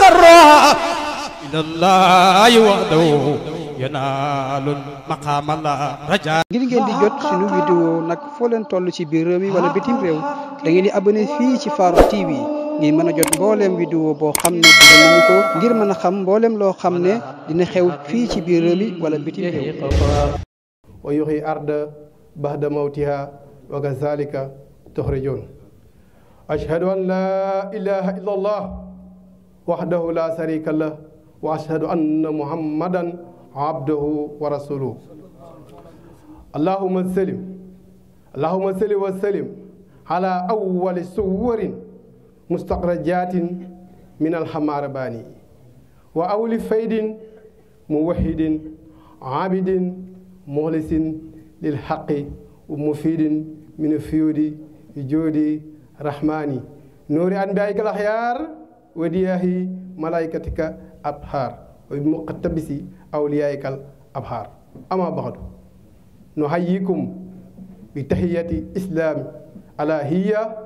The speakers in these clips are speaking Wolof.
تقرى إلى الله وحده yanaalul maqaama la raja ngir ngeen di jot suñu vidéo nag fooleen leen toll ci biir réew mi wala bitim réew da di abonné fii ci Farokh TV ngir mën a jot mbooleem vidéo boo xam ne mën a xam mbooleem loo xam ne dina xew fii ci biir réew wala bitim réew wa yuxyi arda baxda mawtiha wa kazalika tuxrijoon ashhadu an la ilaha illa وحده لا شريك له وأشهد أن محمدا عبده ورسوله اللهم سلم اللهم سل وسلم على أول صور مستخرجات من الحمار باني وأول فيد موحد عابد مخلص للحق ومفيد من فيودي جودي رحماني نور أنبيائك الأخيار ودياه ملائكتك أبهار وبمقتبس أوليائك الأبهار أما بعد نحييكم بتحية إسلام على هي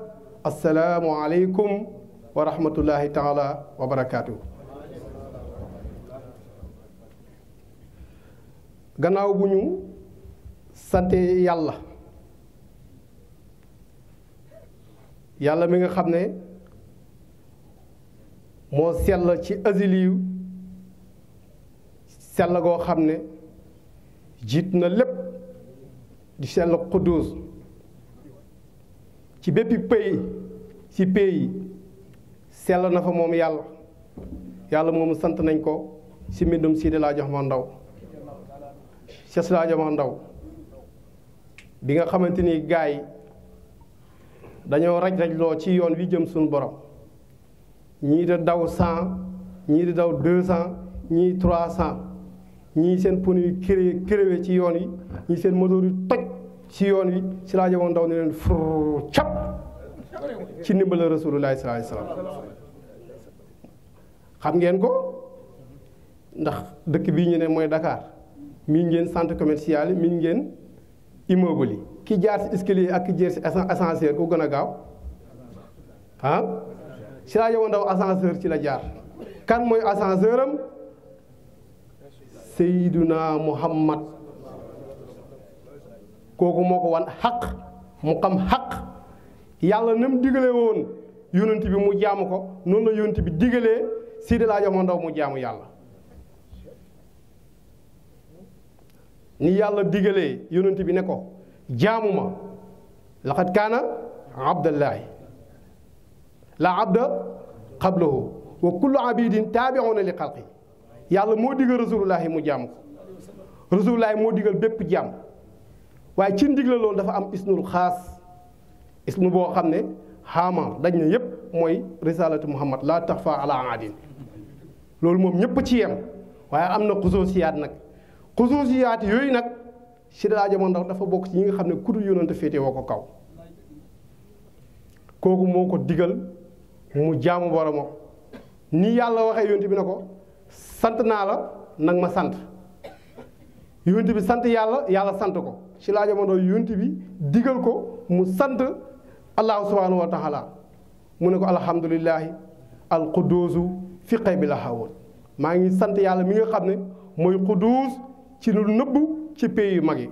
السلام عليكم ورحمة الله تعالى وبركاته غناو بنيو سنتي يالله yàlla yàlla mi moo sell ci asiliyu sell goo xam ne jiit na lépp di sell xudduus ci bépp pays ci pays yi sell na fa moom yàlla yàlla moom sant nañ ko si mbindum Sidi laa jox ma ndaw ses laa jox ma ndaw bi nga xamante ni yi dañoo raj rajloo ci yoon wi jëm suñu borom ñii da daw cent ñii di daw deux cent ñii trois cent ñii seen pneu yi cré ci yoon yi ñii seen moteur yi toj ci yoon yi si laa jamoon daw ne leen fur cap ci ndimbala rasulullahi sallallahu alayhi wasallam xam ngeen ko ndax dëkk bii ñu ne mooy Dakar miin ngeen centre commercial yi miin ngeen immeuble yi ki jaar si escalier ak ki jaar si ascenseur ku gën a gaaw ah si laa yow ndaw ascenseur ci la jaar kan mooy ascenseur am Seyduna Muhammad kooku moo ko wan xaq mu xam xaq yàlla na mu woon yonent bi mu jaamu ko noonu la yonent bi digalee Seydi Laaji Omar Ndaw mu jaamu yàlla ni yàlla digalee yonent bi ne ko jaamu ma kaana abdallahi la abda xablahu wa kullu abidin taabiuna li xalqi yàlla moo digal rasulullahi mu jaam ko rasulullahi moo digal bépp jaam waaye ci ndigal loolu dafa am isnul xaas isnu boo xam ne xaama dañ na yépp mooy risalatu muhammad laa taxfa ala aadin loolu moom ñépp ci yem waaye am na xusuusiyaat nag xusuusiyaat yooyu nag si dalaa moom ndax dafa bokk ci ñi nga xam ne ku dul yónnante féete woo ko kaw kooku moo ko digal mu jaamu boromam ni yàlla waxee yonent bi na ko sant naa la nag ma sant yonent bi sant yàlla yàlla sant ko ci laa jamono yonent bi digal ko mu sant allahu subhanahu wa taala mu ne ko alhamdulilahi alquduusu fi xay bi la xawoon maa ngi sant yàlla mi nga xam ne mooy quduus ci lu nëbb ci pays yu mag yi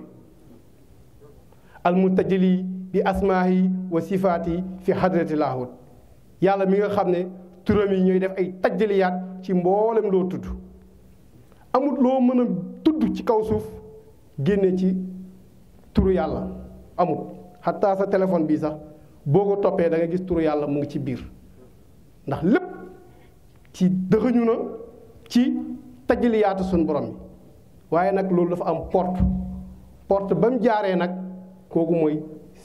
almutajali bi asmaahi wa sifaati fi hadrati laahut yàlla mi nga xam ne turam yi ñuy def ay tajjaliyaat ci mboolem loo tudd amut loo mën a tudd ci kaw suuf génne ci turu yàlla amut xataa sa téléphone bi sax boo ko toppee danga gis turu yàlla mu ngi ci biir ndax lépp ci dëxëñu na ci tajjaliyaatu suñu borom yi waaye nag loolu dafa am port port ba mu jaaree nag kooku mooy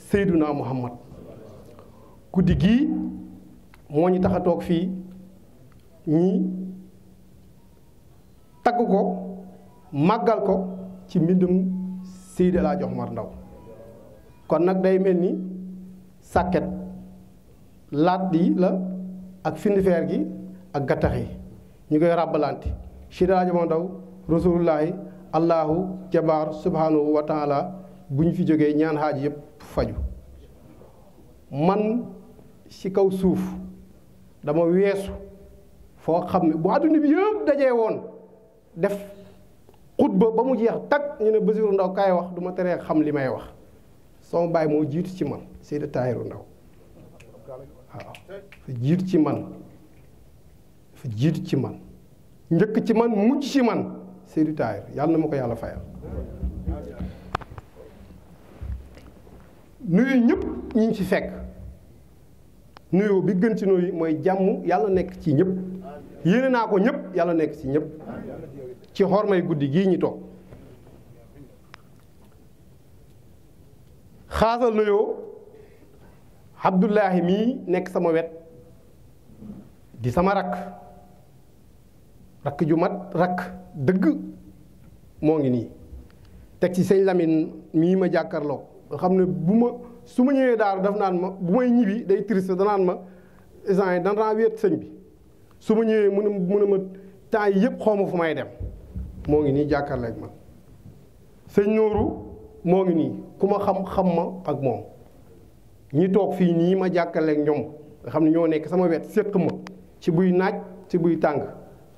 Seyduna Muhammad guddi gii moo ñu tax a toog fii ñi tagg ko màggal ko ci mbindum Seydi El Hadji Ndaw kon nag day mel ni sàkket laat yi la ak findifeer gi ak gattax yi ñu koy ràbbalante Seydi El Ndaw rasulullaahi allahu jabaar subhanahu wa taala bu ñu fi jógee ñaan xaaj yëpp faju man ci kaw suuf dama weesu foo xam ne bu adduna bi yëpp dajee woon def xutba ba mu jeex takk ñu ne Basiru Ndaw kaay wax duma ma xam li may wax sama bàyyi moo jiitu ci man Seydi Taahiru Ndaw waaw jiitu ci man jiitu ci man njëkk ci man mujj ci man Seydi Taahir yàlla na ma ko yàlla fayal nuyu ñëpp ñu ngi ci fekk nuyoo bi gën ci nuyu mooy jàmm yàlla nekk ci ñëpp yéene naa ko ñëpp yàlla nekk ci ñëpp ci xormay guddi gii ñu toog xaasal nuyoo Abdullahi mii nekk sama wet di sama rakk rakk ju mat rakk dëgg moo ngi nii teg ci sëñ Lamine mii ma jàkkarloo xam ne bu ma su ma ñëwee daaru daf naan ma bu may ñibbi day triste danaan ma instant yi danaa wéet sëñ bi su ma ñëwee mu ne mu ne ma temps yi yëpp xaw ma fu may dem moo ngi nii jàkkaarleeg ma sëñ Nooru moo ngi nii ku ma xam xam ma ak moom ñi toog fii nii ma jàkkaarleeg ñoom nga xam ne ñoo nekk sama wet séq ma ci buy naaj ci buy tàng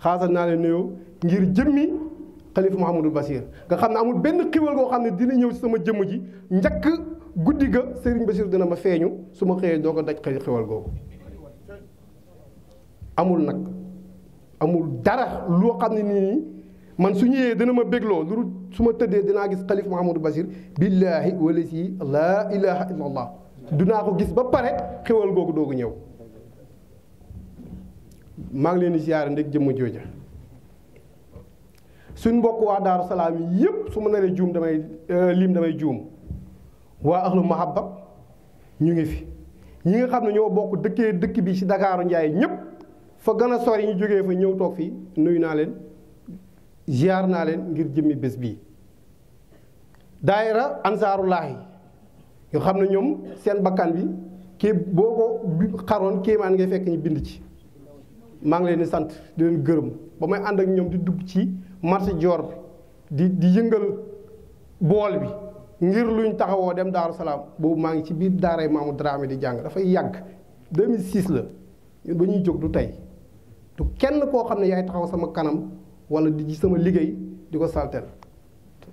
xaasal naa leen nuyoo ngir jëmmi xalifa Mouhamadou Bassir nga xam ne amul benn xiwal goo xam ne dina ñëw si sama jëmm ji njëkk guddi ga Serigne Bassir dina ma feeñu su ma xëyee doo ko daj xëy xiwal googu amul nag amul dara loo xam ne nii man su ñëwee dina ma bégloo lu su ma tëddee dinaa gis xalifa Mouhamadou Bassir billaahi walasi laa ilaha illa allah ko gis ba pare xiwal googu doogu ñëw maa ngi leen di ziyaare ndeg jëmm jooja suñ mbokk waa daaru salaam yi yépp su ma naree juum damay euh, liim damay juum waa ahlu mahabba ñu ngi fi ñi nga xam ne ñoo bokk dëkkee dëkk bi ci Dakaaru Njaay ñépp fa gën a sori ñu jógee fa ñëw toog fii nuyu naa leen ziar naa leen ngir jëmmi bés bii daayira ansaarullaahi yoo xam ne ñoom seen bakkan bi kii boo ko xaroon kéemaan ngay fekk ñu bind ci maa ngi leen di sant di leen gërëm ba may ànd ak ñoom di dugg ci marché jor bi di di yëngal bool bi ngir luñ taxawoo dem daaru salaam bo maa ngi ci biir daaray maamu Dramé di jàng dafay yàgg 2006 la ñun ba ñuy jóg du tey du kenn koo xam yaay taxaw sama kanam wala di ci sama liggéey di saltel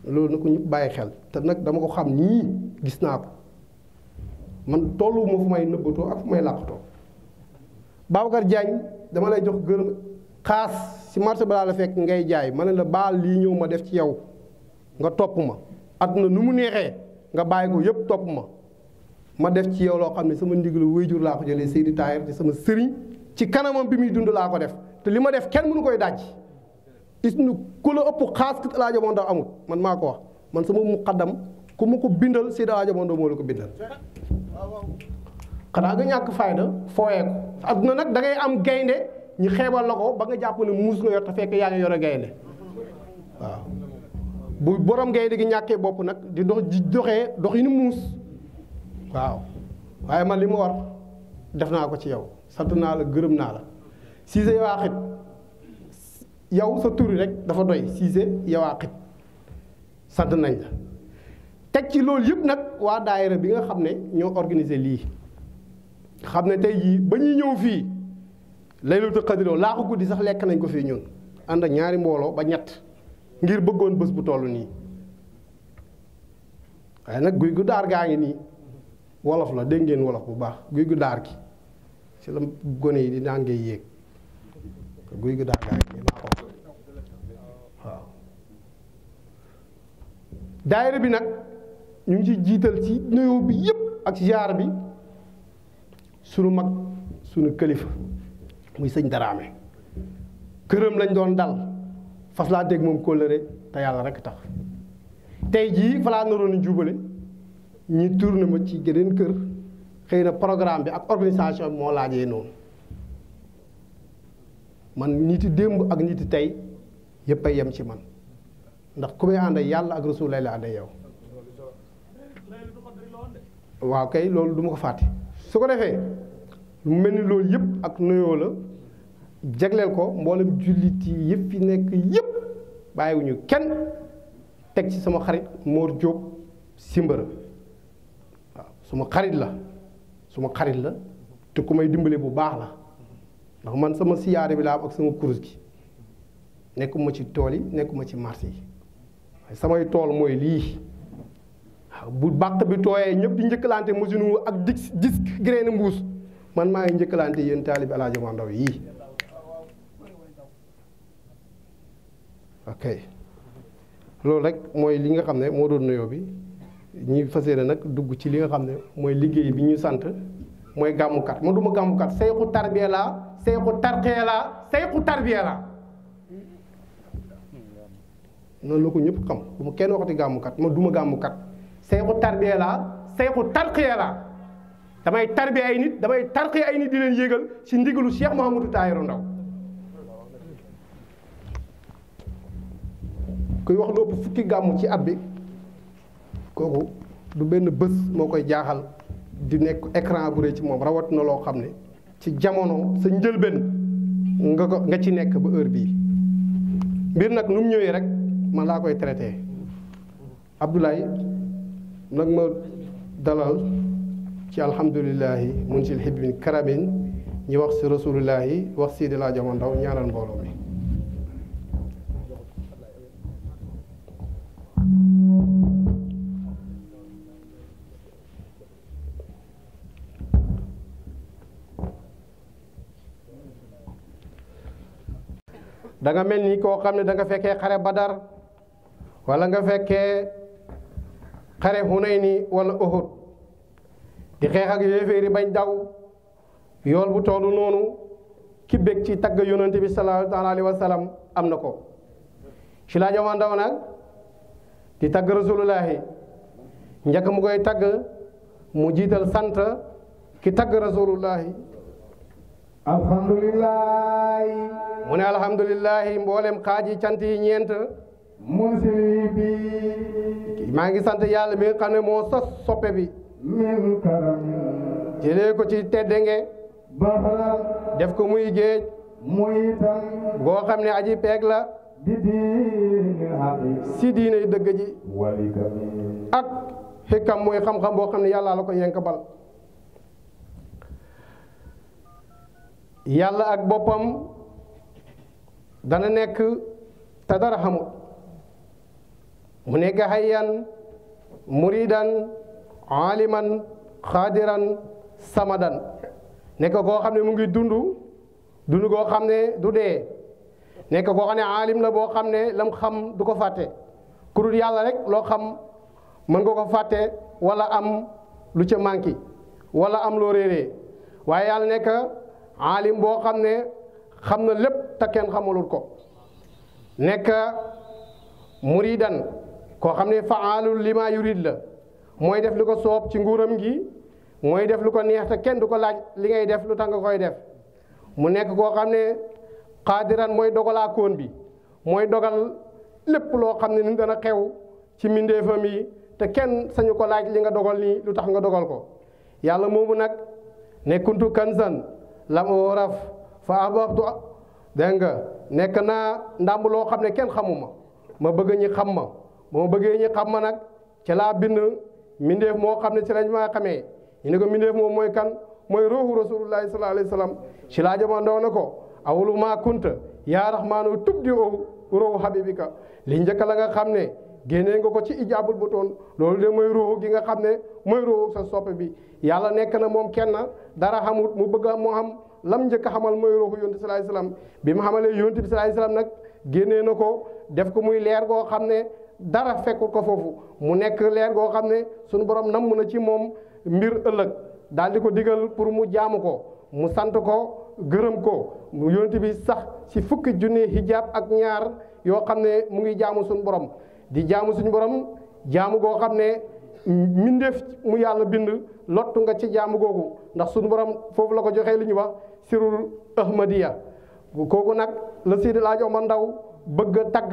loolu na ko ñëpp bàyyi xel te nag dama ko xam nii gis naa ko man tollu ma fu may nëbbatoo ak fumay may làqatoo Babacar dama lay jox gërëm si marché balaa la fekk ngay jaay ma ne la baal lii ñëw ma def ci yow nga topp ma na nu mu neexee nga bàyyi ko yëpp topp ma ma def ci yow loo xam ne sama ndigalu wéyjur laa ko jëlee Seydi Taayir di sama sëriñ ci kanamam bi muy dund laa ko def te li ma def kenn mënu koy daj is nu ku la ëpp xaas ki Alaaji Mondo amul man maa ko wax man sama muqaddam ku ma ko bindal Seydi Alaaji Mondo moo la ko bindal xanaa nga ñàkk fayda fooyee ko àdduna nag da am gaynde ñu xeebal la ko ba nga jàpp ne muus nga yor te fekk yaa ngi yore gaynde waaw bu borom gaynde gi ñàkkee bopp nag di dox di doxee dox yi ni muus waaw waaye man li ma war def naa ko ci yow sant naa la gërëm naa la Cissé Yawaxit yow sa turi rek dafa doy siise Cissé Yawaxit sant nañ la teg ci loolu yëpp nag waa daayira bi nga xam ne ñoo organiser lii xam ne tey jii ba ñuy ñëw fii laylatul laa ko guddi sax lekk nañ ko fii ñun ànd ak ñaari mbooloo ba ñett ngir bëggoon bés bu toll nii waaye nag guy gu gaa ngi nii wolof la dégg ngeen wolof bu baax guy guddaar daar gi ci la gone yi di daan ngay yéeg guy gu gaa ngi nii maa ko waaw daayira bi nag ñu ngi ci jiital ci nuyoo bi yépp ak ziar bi sunu mag sunu kilifa muy sëñ Daraame këram lañ doon dal fas laa dégg moom kóllëre te yàlla rek tax tey jii fa laa naroon jubale ñi tourné ma ci geneen kër xëy na programme bi ak organisation bi moo laajee noonu man niti démb ak niti tey yëpp a yem ci man ndax ku may ànd yàlla ak rasul lay la ànd yow waaw kay loolu du ma ko fàtte su ko defee mu mel ni loolu yëpp ak nuyoo la jagleel ko mboolem jullit yi yëpp fi nekk yëpp bàyyiwuñu kenn teg ci sama xarit Mor jóob Simbara waaw suma xarit la suma xarit la te ku may dimbale bu baax la ndax man sama siyaare bi laa am ak sama kurus gi nekkuma ci tool yi nekkuma ci marché yi samay tool mooy lii bu bàq bi tooyee ñëpp di njëkkalante machine ak disque graine mbuus man maa ngi njëkkalante yéen taalibi alaajamandaw yii ok loolu rek mooy li nga xam ne moo doon nuyoo bi ñuy fas yéene nag dugg ci li nga xam ne mooy liggéey bi ñuy sant mooy gàmmukat man duma gàmmukat sayxu tarbiya laa sayxu tarqiya laa sayxu tarbiya laa noonu ko ñëpp xam kenn waxati gàmmukat man du ma gàmmukat sayxu tarbiya laa sayxu tarqiya laa damay tarbiya ay nit damay tarqiya ay nit di leen yéegal ci ndigalu Cheikh Mouhamadou Tahirou Ndaw kuy wax lu ëpp fukki gàmmu ci at bi kooku du benn bés moo koy jaaxal di nekk écran bu rëy ci moom rawat na loo xam ne ci jamono sa njëlbeen nga ko nga ci nekk ba heure bii mbir nag nu mu ñëwee rek man laa koy traité Abdoulaye nag ma dalal ci alhamdulilahi mun sil hibbin karamin ñi wax si rasulullahi wax si di laa jamono ndaw ñaanal mbooloo mi danga mel ni koo xam ne danga nga fekkee xare badar walla nga fekkee xare nii wala uhud di xeex ak yéeféeri bañ daw yool bu toolu noonu ki bég ci tagg yonent bi sallallahu taala alayhi am na ko ci laa jamono nag di tagg rasulullahi njëkk mu koy tagg mu jiital sant ki tagg rasulullahi alhamdulilah. mu ne alhamdulilah mboolem xaaji cant yi ñeent. musili bi. maa ngi sant yàlla mi nga ne moo sos soppe bi. min karam. jëlee ko ci teddenge. baxla. def ko muy géej. muy tan. goo xam ne aji peeg la. di diine si diine dëgg ji. wali ak xikam mooy xam-xam boo xam ne yàlla la ko yenkabal yàlla ak boppam dana nekk te dara xamul mu nekk hayyan muridan aliman xaadiran samadan nekk koo xam ne mu ngi dund dund koo xam ne du dee nekk koo xam ne alim la boo xam ne lam xam du ko fàtte ku yàlla rek loo xam mën nga ko fàtte wala am lu ca manqué wala am loo réeree waaye yàlla nekk aalim boo xam ne xam na lépp te kenn xamalul ko nekk muridan koo xam ne faalul lima yurid la mooy def li ko soob ci nguuram gi mooy def lu ko neex te kenn du ko laaj li ngay def lu tax nga koy def mu nekk koo xam ne xaadiran mooy dogalaa koon bi mooy dogal lépp loo xam ne ni dana xew ci mbindeefam yi te kenn sañu ko laaj li nga dogal nii lu tax nga dogal ko yàlla moomu nag nekkuntu kansan lam woraf fa ababtu dégg nga nekk naa ndàmb loo xam ne kenn xamuma ma bëgg ñi xam ma ma bëggee ñi xam ma nag ci laa bind mbindeef moo xam ne ci lañ maa xamee ñu ne ko mbindeef moom mooy kan mooy ruuhu rasulullahi sallallahu alayhi wa sallam ci laa jamandoo na ko awulu maa kunta yaa rahmaanu tub di ow ruuhu habibika li njëkk la nga xam ne génnee nga ko ci ijaabul bu toon loolu de mooy ruuhu gi nga xam ne mooy ruuhu sa soppe bi yàlla nekk na moom kenn dara xamut mu bëgg am mu xam lam njëkk a xamal mooy ruuxu yonent bi salaay bi mu xamalee yonent bi salaay salaam nag génnee na ko def ko muy leer goo xam ne dara fekkul ko foofu mu nekk leer goo xam ne sunu borom namm na ci moom mbir ëllëg daal di ko digal pour mu jaamu ko mu sant ko gërëm ko mu yonent bi sax ci fukki junne hijab ak ñaar yoo xam ne mu ngi jaamu suñu borom di jaamu suñu borom jaamu koo xam ne. mbindeef mu yàlla bind lottu nga ci jaamu googu ndax suñu borom foofu la ko joxee li ñuy wax sirul ahmadiya kooku nag la Seydi Laaji Omar Ndaw bëgg a tagg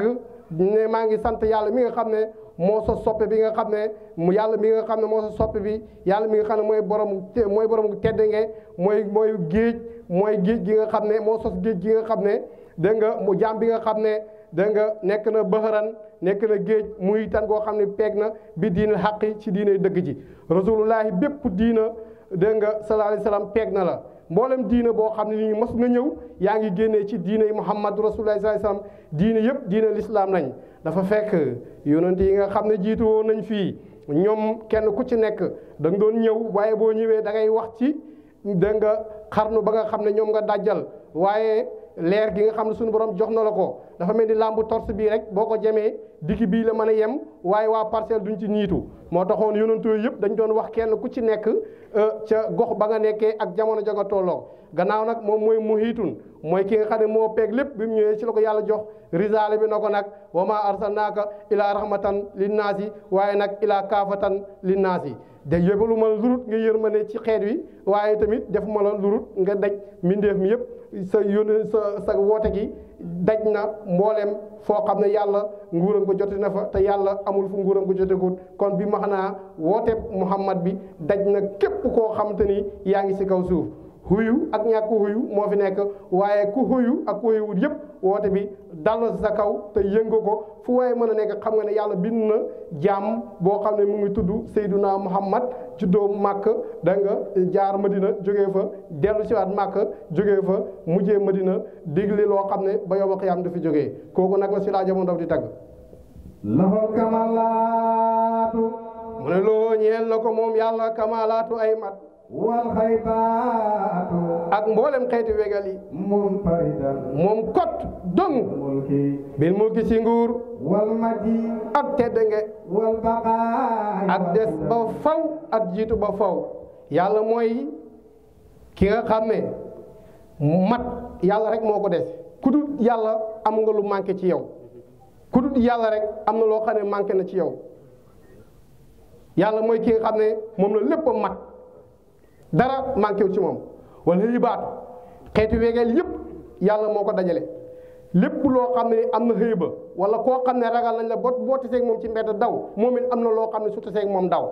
ne maa ngi sant yàlla mi nga xam ne moo sa soppe bi nga xam ne mu yàlla mi nga xam ne moo soppe bi yàlla mi nga xam mooy borom mooy borom tedd nge mooy mooy géej mooy géej gi nga xam ne moo sos géej gi nga xam ne dégg nga mu jaam bi nga xam ne dégg nga nekk na bëxëran nekk na géej muy tan koo xam ne peeg na bi diina xaqi ci diine dëgg ji rasulullahi bépp diina dégg nga sallallahu alayhi peeg na la mboolem diina boo xam ne nii mos nga ñëw yaa ngi génnee ci diinay muhammad rasulullahi sallallahu alayhi wasallam diine yëpp diina lislaam nañ dafa fekk yonent yi nga xam ne jiitu woon nañ fii ñoom kenn ku ci nekk da doon ñëw waaye boo ñëwee da ngay wax ci dégg nga xarnu ba nga xam ne ñoom nga dajjal waaye leer gi nga xam ne suñu borom jox na la ko dafa mel ni làmbu torse bii rek boo ko jemee digg bii la mën a yem waaye waa parcelle duñ ci ñiitu moo taxoon yonantu yooyu yëpp dañ doon wax kenn ku ci nekk euh, ca gox ba nga nekkee ak jamono ja tolloo gannaaw nag moom mooy muhiitun mooy ki nga xam ne moo peeg lépp bi mu ñëwee ci la ko yàlla jox risaale bi na ko nag wa maa arsalnaaka ilaa rahmatan linnaasi waaye nag ilaa kaafatan linnaasi de yóbbalu ma lurut nga yërmande ci xeet wi waaye tamit defuma la lurut nga daj mbindeef mi yëpp sa yónne sa sa woote gi daj na mboolem foo xam ne yàlla nguuram ko jote na fa te yàlla amul fu nguuram ko jotegut kon bi ma xanaa woote Muhammad bi daj na képp koo xam te ni yaa ngi si kaw suuf xuyu ak ñàkk xuyu moo fi nekk waaye ku xuyu ak ku xuyuwut yëpp woote bi dal sa kaw te yëngu ko fu waaye mën a nekk xam nga ne yàlla bind na jàmm boo xam ne mu ngi tudd Seyduna Muhammad juddoo màkk da nga jaar Madina jógee fa dellu si waat màkk jógee fa mujjee Madina digli loo xam ne ba yowma xiyaam dafa jógee kooku nag la si laa jamono ndaw di tagg lahol kamalaatu mu ne loo ñeel na ko moom yàlla kamalaatu ay mat wal xaybaatu ak mboolem xeeti wegal yi moom faridan moom kot dong mulki bil mulki ci nguur wal madi ak tedd nge ak des ba faw ak jiitu ba faw yàlla mooy ki nga xam ne mat yàlla rek moo ko des ku yàlla am nga lu manqué ci yow ku yàlla rek am na loo xam ne manqué na ci yow yàlla mooy ki nga xam moom la lépp a mat dara manqué wu ci moom wala baat xeeti wegeel yépp yàlla moo ko dajale lépp loo xam ne am na xëy ba wala koo xam ne ragal nañ la boo boo taseeg moom ci mbedd daw moom it am na loo xam ne su taseeg moom daw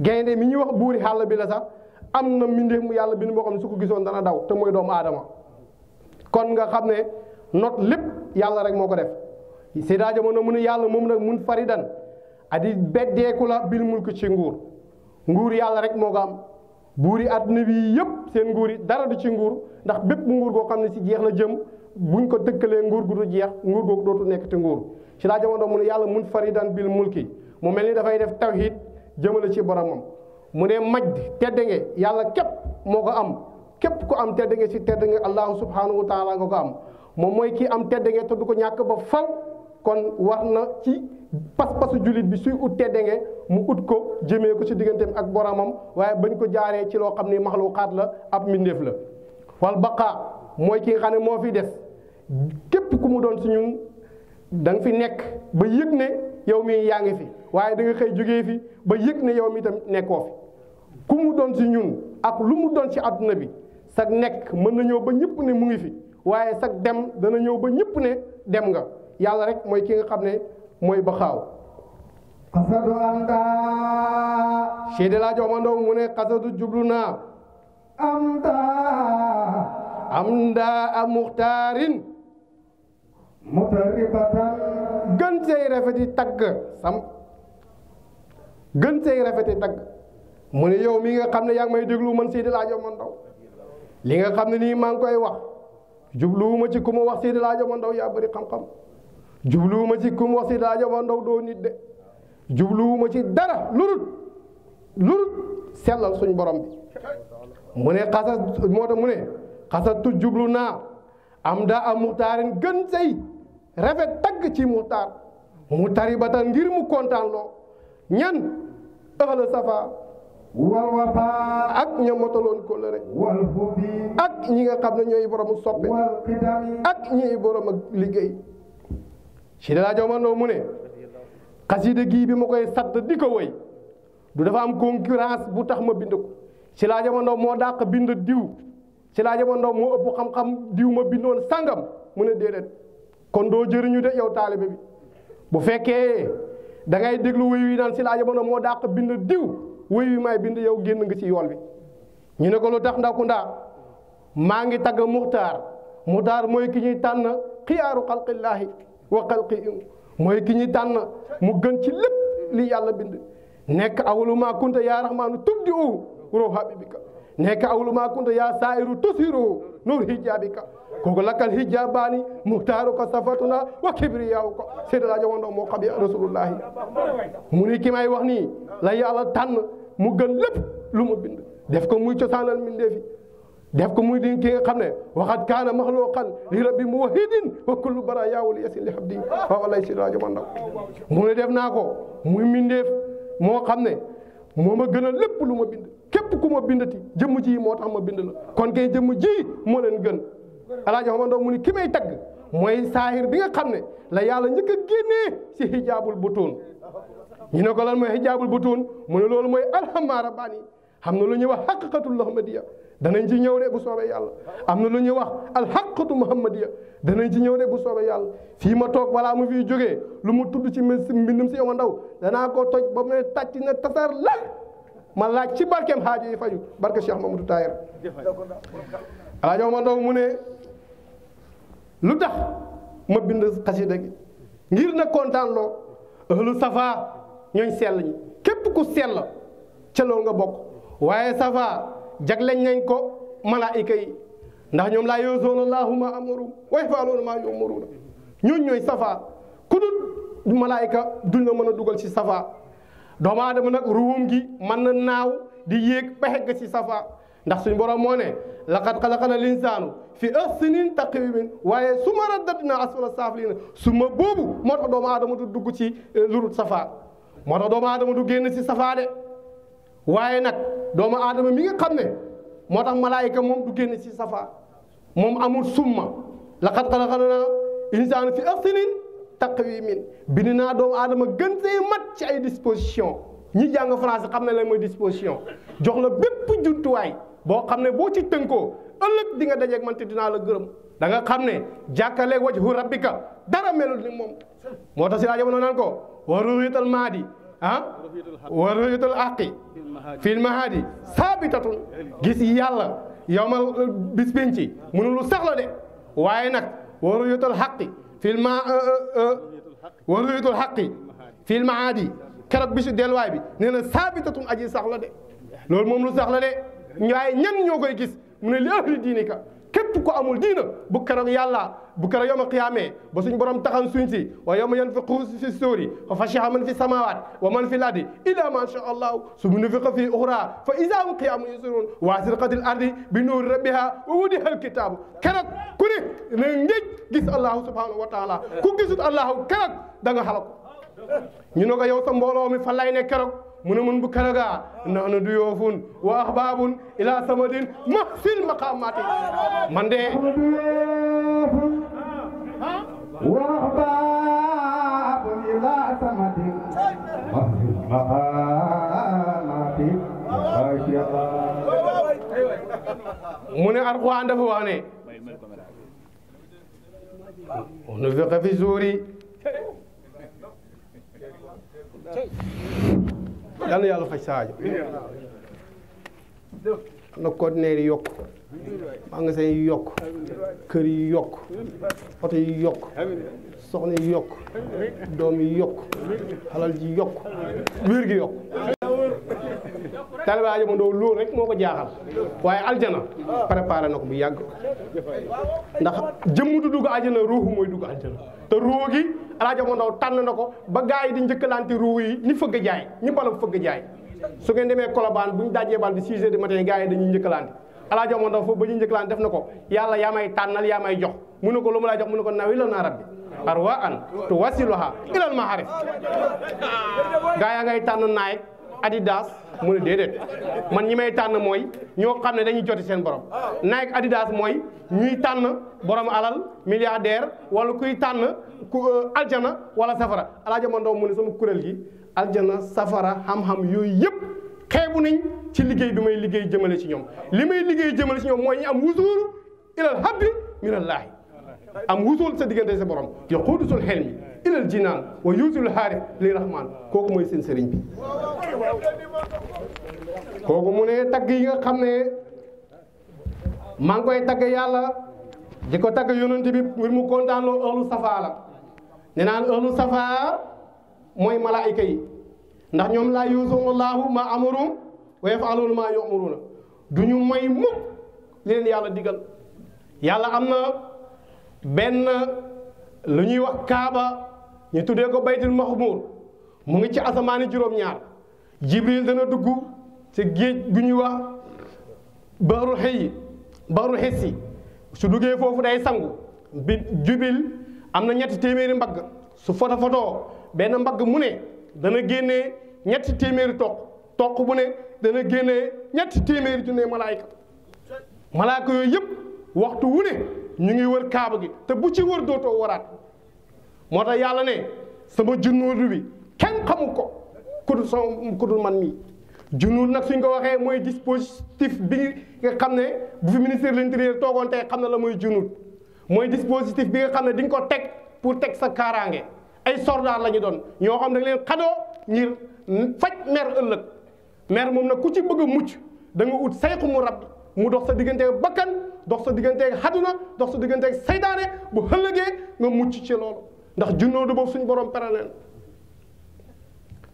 gaynde mi ñuy wax buuri xàll bi la sax am na mbindeef mu yàlla bind moo xam ne su ko gisoon dana daw te mooy doomu aadama kon nga xam ne not lépp yàlla rek moo ko def Seyda jamono mu ne yàlla moom nag mun faridan adi beddeeku la bil mulk ci nguur nguur yàlla rek moo ko am buur yi àdduna bi yëpp seen nguur yi dara du ci nguur ndax bépp nguur goo xam ne si jeex la jëm buñ ko dëkkalee nguur gu du jeex nguur googu dootu nekk te nguur ci laa jamono mu ne yàlla mun faridan bil mulki mu mel ni dafay def tawhid jëmale ci boromam mu ne majd tedd nge yàlla képp moo ko am képp ku am tedd nge si tedd nge allahu subhanahu wa taala nga ko am moom mooy kii am tedd nge te du ko ñàkk ba faw kon wax na ci pas-pasu jullit bi suy ut teddenge mu ut ko jëmee ko ci digganteem ak boromam waaye bañ ko jaaree ci loo xam ni maxluqaat la ab mbindeef la wal baqa mooy ki nga xam ne moo fi des képp ku mu doon si ñun danga fi nekk ba yëg ne yow mii yaa ngi fi waaye da xëy jógee fi ba yëg ne yow mi tam nekkoo fi ku mu doon si ñun ak lu mu doon si àdduna bi sag nekk mën na ñëw ba ñëpp ne mu ngi fi waaye sag dem dana ñëw ba ñëpp ne dem nga yàlla rek mooy ki nga xam ne mooy ba xaaw xasadu anta Seydi El Hadji Omar Ndao mu ne xasadu jublu naa amta am ndaa a muxtaarin mutaribatan gën say rafeti tagg sam gën say rafeti tagg mu ne yow mii nga xam ne yaa ngi may déglu man Seydi El Hadji Omar li nga xam ne nii maa ngi koy wax jublu jubluwuma ci ku ma wax Seydi El Hadji Omar Ndao yaa bëri xam-xam jubluwuma ci kum wasi daaja wa ndaw doo nit de jubluwuma ci dara lurut lurut sellal suñ borom bi mu ne xasa moo tax mu ne xasatu jublu naa am daa am muxtaarin gën say rafet tagg ci muxtaar mu tari ba ngir mu kontaan ñan ëxla safa wal wafa ak ña motaloon kóllëre wal ak ñi nga xam ne ñooy borom soppe ak ñi borom ak liggéey si mu ne xasida gii bi ma koy sadd di ko woy du dafa am concurrence bu tax ma bind ko moo dàq bind diw si laa jamandaw moo ëpp xam-xam diw ma bindoon sàngam mu ne déedéet kon doo jëriñu de yow taalibe bi bu fekkee dangay déglu woy wi naan si laa moo dàq bind diw woy wi may bind yow génn ngi ci yool bi ñu ne ko lu tax ndaku ndaa maa ngi tagg muxtaar muxtaar mooy ki ñuy tànn xiyaaru xalqillaahi wa xalqi mooy ki ñuy tànn mu gën ci lépp li yàlla bind nekk awalu maa kunta yaa raxmaanu tubdi u ruuxa bibika nekk awalu maa kunta yaa saa'iru tusiru nuur hijaabika kooku lakkal hijaabaani muhtaaruka safatuna wa kibriyaawuka séedalaa jawandoo moo xabi rasulullahi mu ni ki may wax nii la yàlla tànn mu gën lépp lu mu bind def ko muy cosaanal mbindeefi def ko muy di ki nga xam ne waxat kaana maxluqan li rabbi muwahidin wa kullu bara yaawul yasin li habdi wa walay si rajo man ndaw mu ne def naa ko muy mindeef moo xam ne moo ma gën a lépp lu ma bind képp ku ma ti jëmm ji moo tax ma bind la kon kay jëmm ji moo leen gën alaaji xama ndaw mu ni ki may tagg mooy saahir bi nga xam ne la yàlla njëkk a génnee si hijaabul butuun ñu ne ko lan mooy hijaabul butuun mu ne loolu mooy alxamaara baan yi xam na lu ñuy wax xaqiqatul muhammadiya danañ ci ñëw de bu soobee yàlla am na lu ñuy wax alxaqatu muhammadiya danañ ci ñëw de bu soobee yàlla fii ma toog balaa mu fiy jóge lu mu tudd ci mbindum si yow ndaw danaa ko toj ba mu ne tàcc na tasaar lan ma laaj ci barkeem xaajo yi faju barke Cheikh Mamadou Tayer alaaji Omar Ndaw mu ne lu tax ma bind xasida gi ngir na kontaan loo ahlu safaa ñooñ sell ñi képp ku sell ca loolu nga bokk waaye safa jagleñ nañ ko malaayika yi ndax ñoom laa yoosoona laahu ma amarum wa yafaaluuna maa yumaruuna ñooñ ñooy safa ku dul malaayika duñ la mën a dugal ci safaa doomu aadama nag ruum gi mën na naaw di yéeg ba xegg ci safa ndax suñ borom moo ne laqad xalaqana linsaanu fi ahsinin taqwimin waaye su ma raddadna asfala saafilina su ma boobu moo tax doomu aadama du dugg ci eh, lurut safa moo tax doomu aadama du génn ci safa de waaye nag doomu aadama mi nga xam ne moo tax malaayika moom du génne si safa moom amul summa laqad xalaqnaa insaana fi ahsanin taqwiimin bind naa doomu aadama gën see mat ci ay disposition ñi jàng français xam na la mooy disposition jox la bépp jumtuwaay boo xam ne boo ci tënkoo ëllëg di nga dajeeg man te dinaa la gërëm danga xam ne jàkkaleeg wajhu rabbika dara melul ni moom moo tax si laa jamono naan ko waru wital maadi ah wa ruyatul haqi fil mahadi saabitatun gis yàlla yowmal bis penci mënu lu saxla de waaye nag wa ruyatul haqi fil ma uh, uh, uh, wa ruyatul haqi fil mahadi keroog bisu delluwaay bi nee na saabitatun aji saxla de loolu moom lu saxla de waaye ñan ñoo koy gis mu ne li ahli diinika كيف كو أمول دينه بكرة يلا بكرة يوم القيامة بس إن برام تكان سنتي ويوم ينفقه في السوري وفشيها من في السماوات ومن في الأرض إلى ما شاء الله ثم نفق في أخرى فإذا هم قيام ينصرون وأسرقت الأرض بنور ربها ووديها الكتاب كانت كره نجد جس الله سبحانه وتعالى كو جس الله كانت دعا حلق ينوغا يوسم بولو مي فلاي نكرو muna mun bu karaga nahnu duyufun wa ahbabun ila samadin mahsil maqamati man de wa ahbabun ila samadin mahsil maqamati mu ne alquran dafa wax ne nu fiqa fi zuuri yàlla yàlla faj sa aajo na conteneur yi yokk magasin yi yokk kër yi yokk oto yi yokk soxna yi yokk doom yi yokk xalal ji yokk wér gi yokk daal taalibe Adama Ndao loolu rek moo ko jaaxal waaye aljana préparé na ko bu yàgg ndax jëmm du dugg aljana ruuxu mooy dugg te ruux gi Adama Ndao tànn na ko ba gars yi di njëkkalante ruux yi ni fëgg jaay ñu balam fëgg jaay su ngeen demee Colobane bu ñu bal bi 6 heures du matin yi dañuy njëkkalante Adama Ndao foofu ba ñuy njëkkalante def na ko yàlla yaa may tànnal yaa may jox mu ne ko lu mu lay jox mu ne ko nawi la naa rabbi arwaan tuwasiluha ilal maarif gaa yaa ngay tànn naay Adidas mu ne déedéet man ñi may tànn mooy ñoo xam ne dañuy joti seen borom Nike Adidas mooy ñuy tànn borom alal milliardaire wala kuy tànn ku euh, aljana wala safara alaaja man doo mu ne sama kuréel gi aljana safara xam-xam yooyu yëpp xeebu nañ ci liggéey bi may liggéey jëmale ci ñoom li may liggéey jëmale ci ñoom mooy ñu am wusuuru ilal habbi minallaahi am wusuul sa diggante sa borom yoquudusul xel mi ilal jinaan wa yuusul xaarif li rahmaan kooku mooy seen sëriñ bi kooku mu ne tagg yi nga xam ne maa ngi koy tagg yàlla di ko tagg yonent bi ngir mu kontaan loolu safaa la ne naan safaa mooy malaayika yi ndax ñoom laa yuusumu laahu ma amarum wa yafaluuna ma yumaruuna du ñu moy mukk li leen yàlla digal yàlla am na benn lu ñuy wax kaaba ñu tuddee ko baytul mahmuur mu ngi ci asamaani juróom-ñaar jibril dana dugg ci géej gu ñuy wax baxarul xëy baxarul xissi su duggee foofu day sangu bi jubil am na ñetti téeméeri mbagg su foto foto benn mbagg mu ne dana génnee ñetti téeméeri toq toq bu ne dana génnee ñetti téeméeri ne malaayka malaayka yooyu yëpp waxtu wu ne ñu ngi wër kaaba gi te bu ci wër dootoo waraat moo tax yàlla ne sama junuud bi kenn xamu ko ku dul sama ku dul man mii junuud nag suñ ko waxee mooy dispositif bi nga xam ne bu ministère de l'intérieur xam na la mooy junuud mooy dispositif bi nga xam ne di nga ko teg pour teg sa kaaraange ay soldat la ñu doon ñoo xam ne leen xadoo ngir faj mer ëllëg mer moom nag ku ci bëgg a mucc da nga ut sayxu mu rab mu dox sa digganteeg bakkan dox sa digganteeg xaduna dox sa digganteeg saytaane bu ëllëgee nga mucc ci lool ndax junnoodu boobu suñu borom pare leen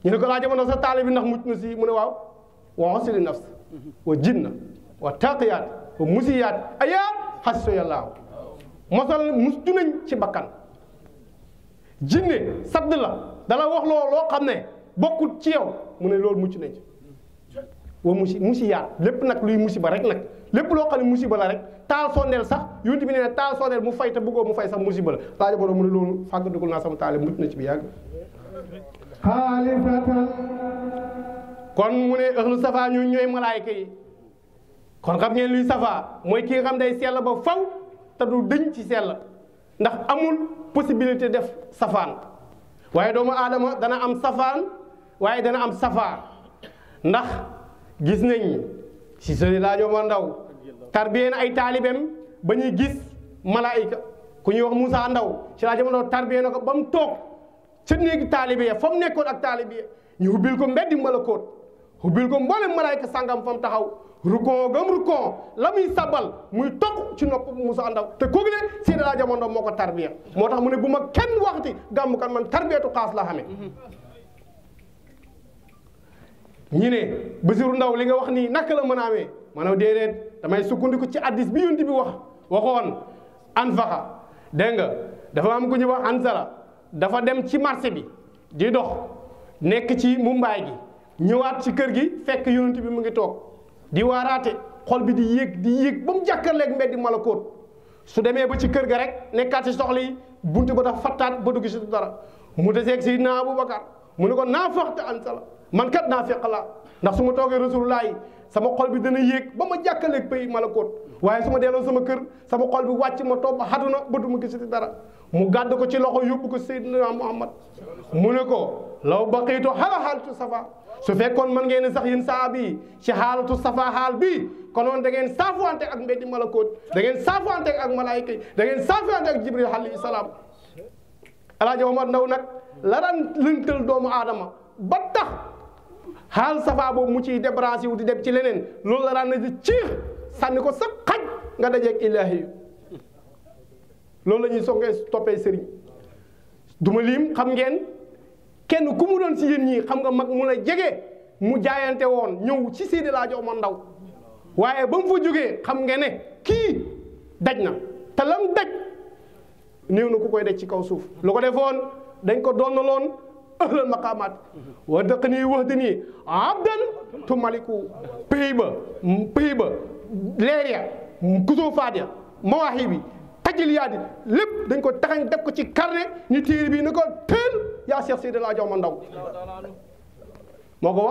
ñu ne ko laa jamono sa taali bi ndax mucc na si mu ne waaw wa xosili nafs wa jinna wa taqiyaat wa musiyaat ayaat xas so yàllaaw mosal mus nañ ci bakkan jinne sadd la dala wax loo loo xam ne bokkul ci yow mu ne loolu mucc nañ ci wa musi musiyaat lépp nag luy ba rek nag lépp loo xam ne musiba la rek taal sondeel sax yonent bi nee na taal sondeel mu fay te bëggoo mu fay sax musiba la laaja borom mu ne loolu fàggandikul naa sama na ci bi yàgg xaalifatan kon mu ne ëxlu safa ñu ñooy kon xam ngeen safa mooy ki nga xam day te du dëñ ci sell ndax amul possibilité def safaan waaye doomu aadama dana am safaan waaye dana am safaa ndax gis nañ si ma ndaw tarbiyee na ay taalibeem ba ñuy gis malaayika ku ñuy wax Moussa Ndaw ci laa jamono tarbiyee na ko ba mu toog ca néegi taalibe ya nekkoon ak taalibe ñu hubbil ko mbeddi malakoot hubbil ko mboolem malaayika sàngam fa taxaw rukkoo gam rukkoo la muy sabal muy toq ci nopp Moussa Ndaw te kooku ne Seydi Alaaji Omar moo ko tarbiya moo tax mu ne bu ma kenn waxti gàmmu kan man tarbiyatu xaas la xamee ñi ne Basiru Ndaw li nga wax nii naka la mën a ma ne déedéet damay sukkandiku ci addis bi yonent bi wax waxoon anfaqa dégg dafa am ku wax ansara dafa dem ci marché bi di dox nekk ci mumbaay gi ñëwaat ci kër gi fekk yonent bi mu ngi toog di waaraate xol bi di yéeg di yéeg ba mu jàkkaarleeg mbedd malakoot su demee ba ci kër ga rek nekkaat ci soxla buntu ba dafa fattaat ba dugg ci dara mu deseeg Seydina Aboubacar mu ne ko naa faxte man kat ndax su rasulullah sama xol bi dana yéeg ba ma jàkkaleeg pay malakoot waaye su ma delloo sama kër sama xol bi wàcc ma toog ba xaduna ba du ma gisati dara mu gàdd ko ci loxo yóbbu ko Seydina Muhammad mu ne ko law baqiitu xala xaalatu safa su fekkoon man ngeen sax yéen saa bii ci xaalatu safa bi bii konoon da ngeen saafuwante ak mbeddi malakoot da ngeen saafuwante ak malaayika yi da ngeen saafuwante ak jibril alayhi salaam alaaji Omar Ndaw nag la daan lëntal doomu aadama ba tax xaal safaa boobu mu ciy débranché wu di dem ci leneen loolu la daan na di ciix sànni ko sa xaj nga dajeeg ilaahi yu loolu lañuy ñuy songee toppee sëriñ du liim xam ngeen kenn ku mu doon si yéen ñii xam nga mag mu la jege mu jaayante woon ñëw ci Seydi Laaji Omar Ndaw waaye ba mu fa jógee xam nga ne kii daj na te lam daj néew na ku koy daj ci kaw suuf lu ko defoon dañ ko donnaloon أهل المقامات ودقني وهدني عبدا ثم مالكو بيبا بيبا ليريا كوزو فاديا مواهبي tajiliyaadi lépp dañ lip taxañ def ko ci carnet ñu téere bi ni ko tël yaa seex seydi laa jox ma ndaw moo ko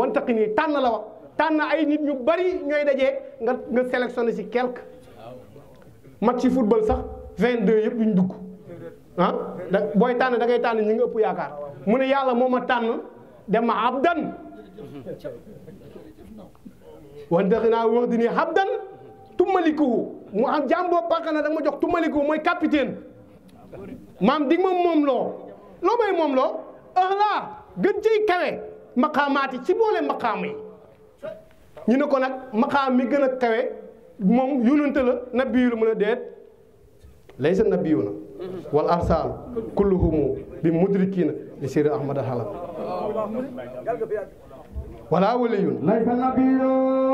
wan taqi nii tànn la wax tànn ay nyubari ñu bari ñooy dajee nga nga sélectionné football sax 22 yëpp duñ ah booy tànn da ngay tànn ñi nga ëpp yaakaar mu ne yàlla moom a tànn dem ma abdan wante naa wax di ni abdan mu am jaam boo bàq na da ma jox tummalikuwu mooy capitaine maam di ma moom loo loo may moom loo ëxlaa gën ciy kawe maqaamaati ci boole maqaam yi ñu ne ko nag maqaam mi gën a kawe moom yónnante la nabbiyu la mën a déet laysa nabbiyu na wal arsaal kulluhumu bi mudrikina li siri ahmad halam wala waliyun laysa nabiyun